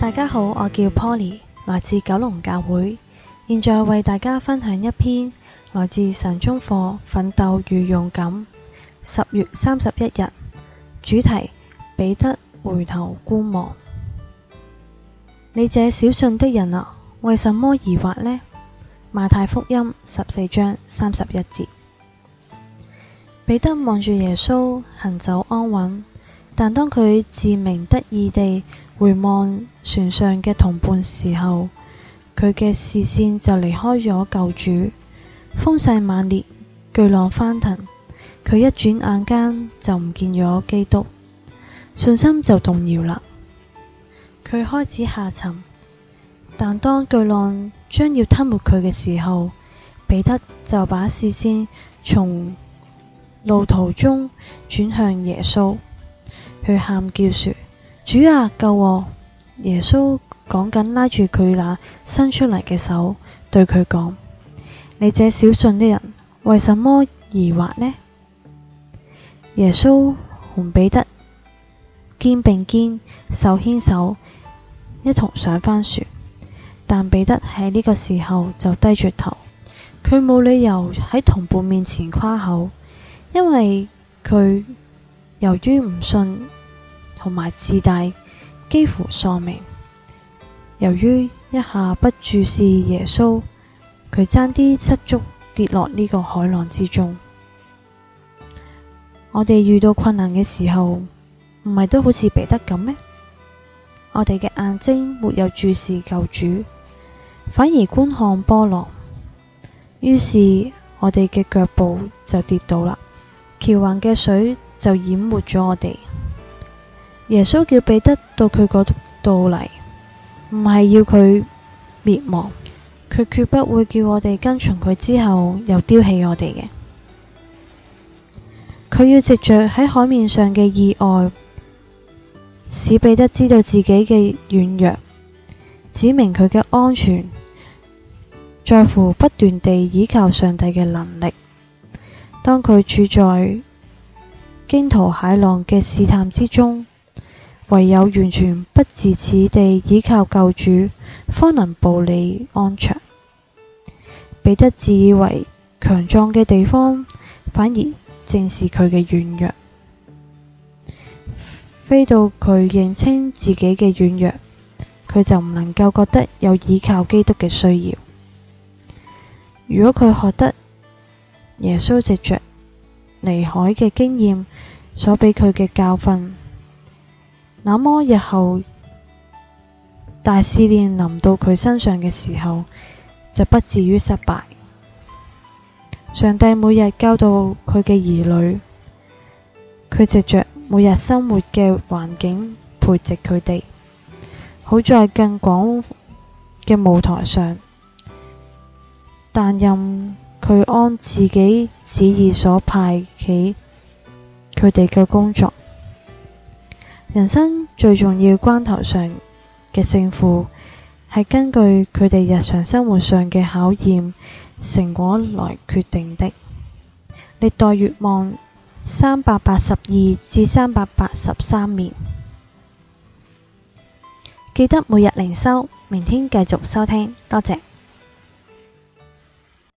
大家好，我叫 Polly，來自九龍教會，現在為大家分享一篇來自神中課《奮鬥與勇敢》，十月三十一日，主題彼得回頭觀望。你這小信的人啊，為什麼疑惑呢？馬太福音十四章三十一節，彼得望住耶穌行走安穩。但當佢自鳴得意地回望船上嘅同伴時候，佢嘅視線就離開咗救主。風勢猛烈，巨浪翻騰，佢一轉眼間就唔見咗基督，信心就動搖啦。佢開始下沉，但當巨浪將要吞沒佢嘅時候，彼得就把視線從路途中轉向耶穌。佢喊叫說：主啊，救我！耶穌趕緊拉住佢那伸出嚟嘅手，對佢講：你這小信的人，為什麼疑惑呢？耶穌同彼得肩並肩，手牽手，一同上返船。但彼得喺呢個時候就低住頭，佢冇理由喺同伴面前誇口，因為佢由於唔信，同埋自大，幾乎喪命。由於一下不注視耶穌，佢差啲失足跌落呢個海浪之中。我哋遇到困難嘅時候，唔係都好似彼得咁咩？我哋嘅眼睛沒有注視救主，反而觀看波浪，於是我哋嘅腳步就跌倒啦，橋橫嘅水就淹沒咗我哋。耶穌叫彼得到佢嗰度嚟，唔係要佢滅亡，佢決不會叫我哋跟隨佢之後又丟棄我哋嘅。佢要藉着喺海面上嘅意外，使彼得知道自己嘅軟弱，指明佢嘅安全在乎不斷地倚靠上帝嘅能力。當佢處在驚濤駭浪嘅試探之中。唯有完全不自恃地倚靠救主，方能保你安詳。彼得自以為強壯嘅地方，反而正是佢嘅軟弱。非到佢認清自己嘅軟弱，佢就唔能夠覺得有倚靠基督嘅需要。如果佢學得耶穌藉着尼海嘅經驗所俾佢嘅教訓。那麼日後大試煉臨到佢身上嘅時候，就不至於失敗。上帝每日教導佢嘅兒女，佢藉着每日生活嘅環境培植佢哋，好在更廣嘅舞台上擔任佢按自己旨意所派起佢哋嘅工作。人生最重要關頭上嘅勝負，係根據佢哋日常生活上嘅考驗成果來決定的。歷代月望三百八十二至三百八十三年。記得每日靈修，明天繼續收聽，多謝。